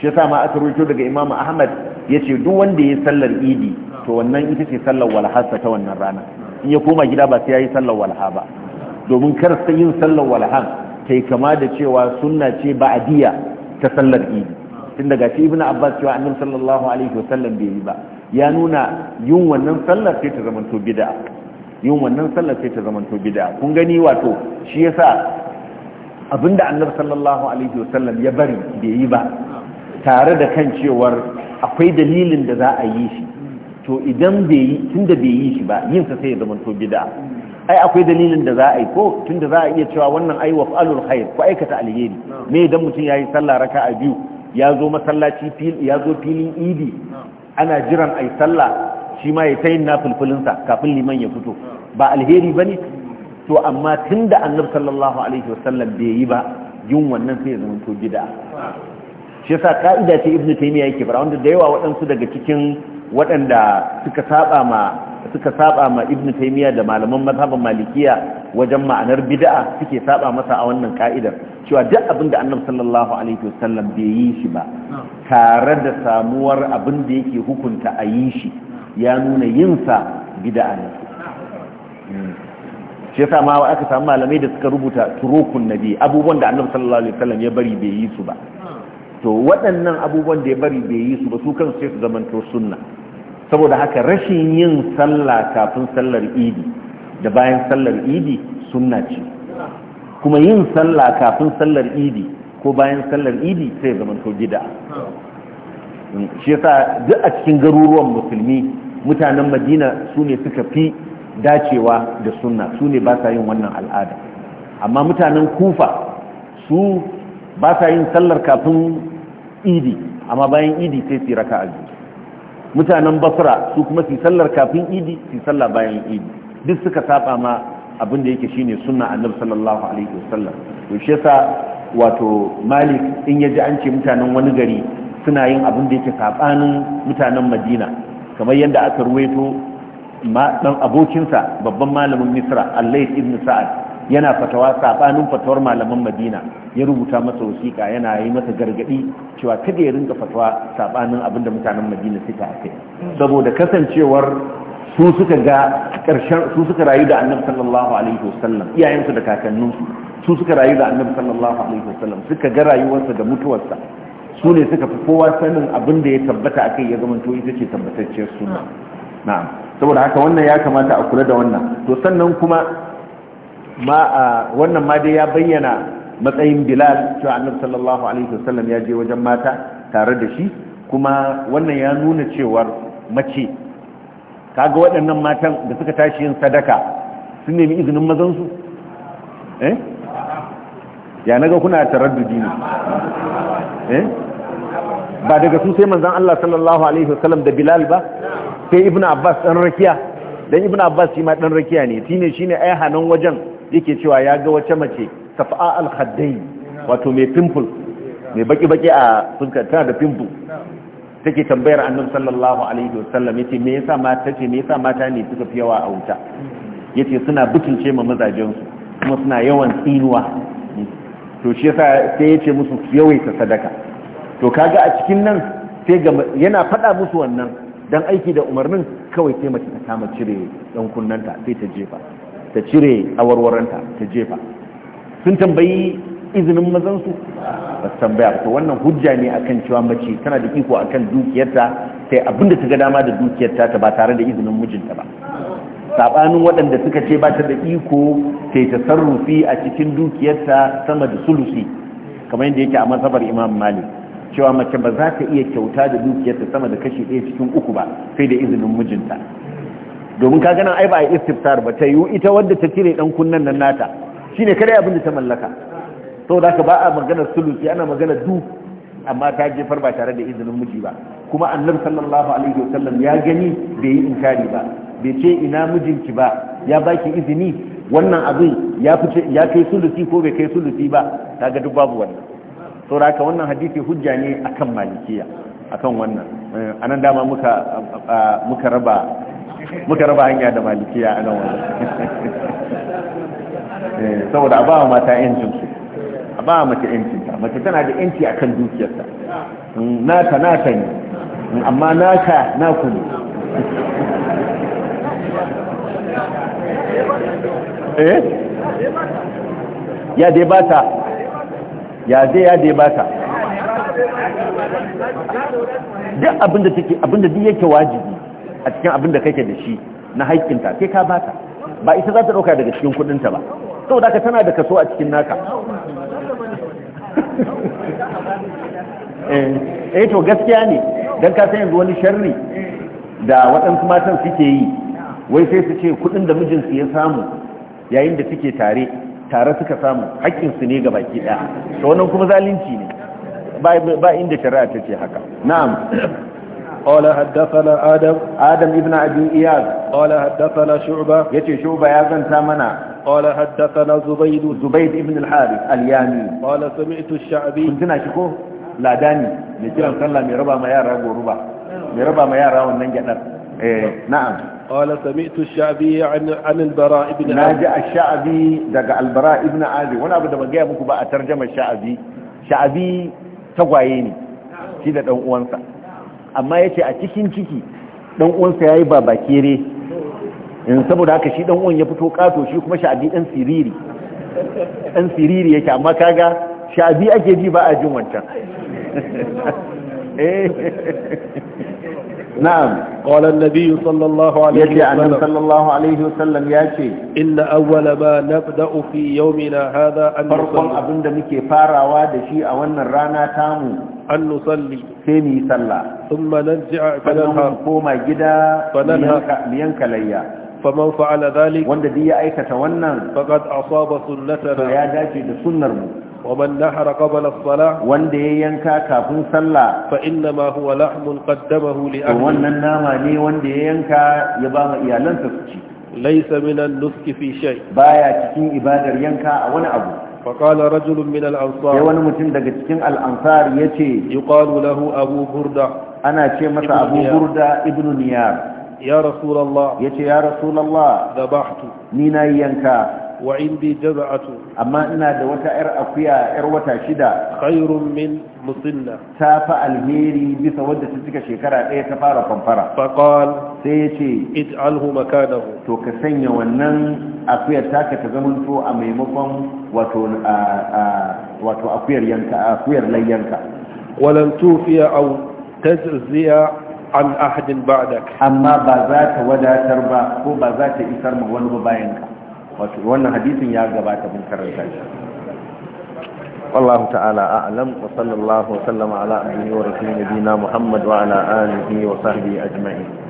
shi yasa ma aka rubuto daga imamu ahmad yace duk wanda ya sallar idi to wannan ita ce sallar walhasa ta wannan rana in ya koma gida ba sai yi sallar walha ba domin kar sai yin sallar walhan kai kama da cewa sunna ce adiya ta sallar idi tun daga shi ibnu abbas cewa annabi sallallahu alaihi wasallam bai yi ba ya nuna yin wannan sallar sai ta zamanto bid'a yin wannan sallar sai ta zamanto bid'a kun gani wato shi yasa abinda annabi sallallahu alaihi wasallam ya bari bai yi ba tare da kan cewar akwai dalilin da za a yi shi to idan bai yi tunda bai yi shi ba yin sa sai ya zama to bid'a ai akwai dalilin da za a yi ko tunda za a iya cewa wannan ai wa fa'alul khair ko aikata alheri me idan mutum yayi sallah raka'a biyu ya zo masallaci fil ya zo filin idi ana jiran ai sallah shi ma ya tayin nafilfilin sa kafin liman ya fito ba alheri bane to amma tunda annabi sallallahu alaihi wasallam bai yi ba yin wannan sai ya zama to bid'a shi yasa ka'ida ce ibnu taymiya yake fara wanda da yawa waɗansu daga cikin waɗanda suka saba ma suka saba ma ibn taimiyya da malaman mazhabin malikiya wajen ma'anar bid'a suke saba masa a wannan ka'idar cewa duk abin da annabi sallallahu alaihi wasallam bai yi shi ba tare da samuwar abin da yake hukunta a yi shi ya nuna yin sa bid'a ne hmm. shi yasa ma aka samu malamai da suka rubuta turukun nabi abubuwan da annabi sallallahu alaihi wasallam ya bari bai yi su ba to waɗannan abubuwan da ya bari bai yi su ba su kansu sai su zamanto sunna saboda haka rashin yin sallah kafin sallar idi da bayan sallar idi sunna ce kuma yin sallah kafin sallar idi ko bayan sallar idi sai zaman to gida shi yasa duk a cikin garuruwan musulmi mutanen madina su ne suka fi dacewa da sunna su ne ba sa yin wannan al'ada amma mutanen kufa su ba sa yin sallar kafin idi amma bayan idi sai su raka azu mutanen basra su kuma su sallar kafin idi su sallar bayan idi duk suka saba ma abin da yake shine sunna annabi sallallahu alaihi wasallam to shi yasa wato malik in ya ji an ce mutanen wani gari suna yin abin da yake sabanin mutanen madina kamar yadda aka ruwaito ma dan abokinsa babban malamin misra allais ibn sa'ad yana fatawa sabanin fatawar malaman madina ya rubuta masa wasiƙa yana yi masa gargaɗi cewa kada ya rinka fatawa sabanin abin da mutanen madina suka akai saboda kasancewar su suka ga ƙarshen su suka rayu da annabi sallallahu alaihi wasallam su da kakanninsu su suka rayu da annabi sallallahu alaihi wasallam suka ga rayuwarsa da mutuwarsa su ne suka fi kowa sanin abin da ya tabbata akai ya zama zamanto ita ce tabbatacciyar suna na'am saboda haka wannan ya kamata a kula da wannan to sannan kuma ma wannan ma dai ya bayyana matsayin bilal cewa annabi sallallahu alaihi wasallam ya je wajen mata tare da shi kuma wannan ya nuna cewar mace kaga waɗannan matan da suka tashi yin sadaka sun nemi izinin mazansu eh ya naga kuna taraddudi ne eh ba daga su sai manzon Allah sallallahu alaihi wasallam da bilal ba sai ibnu abbas dan rakiya dan ibnu abbas shi ma dan rakiya ne shine shine ai hanan wajen yake cewa ya ga wace mace safa al-khaddai wato mai pimple mai baki-baki a fuskar tana da pimple take tambayar annabi sallallahu alaihi wasallam yace me yasa mata ce me yasa mata ne suka fi yawa a wuta yace suna ce ma mazajen su kuma suna yawan tsinuwa to shi yasa sai yace musu yawaita sadaka to kaga a cikin nan sai ga yana faɗa musu wannan dan aiki da umarnin kawai sai mace ta kama cire dan kunnanta sai ta jefa ta cire awarwaranta ta jefa sun tambayi izinin mazansu ba su tambaya ba wannan hujja ne akan cewa mace tana da iko akan dukiyarta sai abinda ta ga dama da dukiyarta ta ba tare da izinin mijinta ba sabanin waɗanda suka ce ba ta da iko sai ta sarrufi a cikin dukiyarta sama da sulusi kamar yadda yake a masabar imam malik cewa mace ba za ta iya kyauta da dukiyarta sama da kashi ɗaya cikin uku ba sai da izinin mijinta domin ka ganin ai ba a istiftar ba ta yiwu ita wadda ta cire dan kunnan nan nata shine kare abin da ta mallaka to da ka ba a magana sulusi ana magana du amma ta jefar ba tare da izinin miji ba kuma annabi sallallahu alaihi wasallam ya gani bai yi inkari ba bai ce ina mijinki ba ya baki izini wannan abin ya fice ya kai sulusi ko bai kai sulusi ba kaga duk babu wannan to ka wannan hadisi hujja ne akan malikiya akan wannan eh, anan dama muka eh, muka raba muka raba hanya da malikiya a nan wani [laughs] eh, saboda a bawa mata yancin su a bawa mace yancin ta mace tana da yanci a kan dukiyarta mm, naka naka ne mm, amma naka naku ne [laughs] eh ya dai ba ta ya dai ya dai ba ta duk abinda take abinda duk yake wajibi a cikin abin da kake da shi na haƙƙinta sai ka bata ba ita za ta ɗauka daga cikin kuɗinta ba saboda ka tana da kaso a cikin naka [laughs] eh, eh to gaskiya ne don ka san yanzu wani sharri da waɗansu matan suke yi wai sai su ce kuɗin da mijinsu ya samu yayin da suke tare tare suka samu haƙƙinsu ne ga baki ɗaya to wannan kuma zalunci ne ba inda shari'a ta ce haka na'am قال حدثنا آدم آدم ابن أبي إياد قال حدثنا شعبة يتي شعبة يازن ثامنا قال حدثنا زبيد زبيد ابن الحارث اليامي قال سمعت الشعبي كنتنا شكو لا داني نتيرا نعم. صلى مي ربا ما يارا ربا إيه، مي نعم. ربا ما يرى wannan gadar eh قال سمعت الشعبي عن عن البراء ابن عازي ناجي الشعبي دغ البراء ابن عازي وانا بدي دبا ga muku الشعبي شعبي tagwaye كذا shi uwansa amma ya ce a cikin ciki dan uwansa ya yi babakere saboda haka shi dan uwan ya fito kato shi kuma sha'abi dan siriri dan siriri yake amma kaga sha'abi ake ji ba a jin wancan نعم eh. قال النبي صلى الله عليه وسلم يجي صلى الله عليه وسلم ياتي إن أول ما نبدأ في يومنا farkon أن نصلي فرقم أبن دمكي فارا وادشي أولنا رانا an nusalli sai mu yi sallah thumma narji'a fa nanhar koma gida fa nanhar miyanka layya فمن فعل ذلك وان دي ايكه wannan فقد اصاب سنتنا يا dace da sunnar mu ومن نحر قبل الصلاه وان yanka kafin sallah fa inna ma huwa lahmun qaddamahu li wannan nama ne wanda ya yanka ya ba ma iyalansa su ci laysa min an fi shay baya cikin ibadar yanka a wani abu فقال رجل من الأنصار يا وني متين daga cikin al-ansar yace yuqalu lahu abu burda ana ce masa abu burda ibn niyar ya rasulullah yace ya rasulullah dabahtu ni na yanka wa indi jaz'atu amma ina da wata yar akuya yar wata shida khairun min musulla ta fa alheri bisa wadda ta cika shekara ɗaya ta fara kwamfara faƙal sai ya ce it alhuma kanahu to ka sanya wannan akuyar taka ta zamanto a maimakon wato akuyar yanka akuyar layyanka walan tufiya au tazziya an ahadin ba'dak amma ba za ta wadatar ba ko ba za ta isar ma wani bayanka wato wannan hadisin ya gabata mun karanta shi والله تعالى أعلم وصلى الله وسلم على أبيه ورسول نبينا محمد وعلى آله وصحبه أجمعين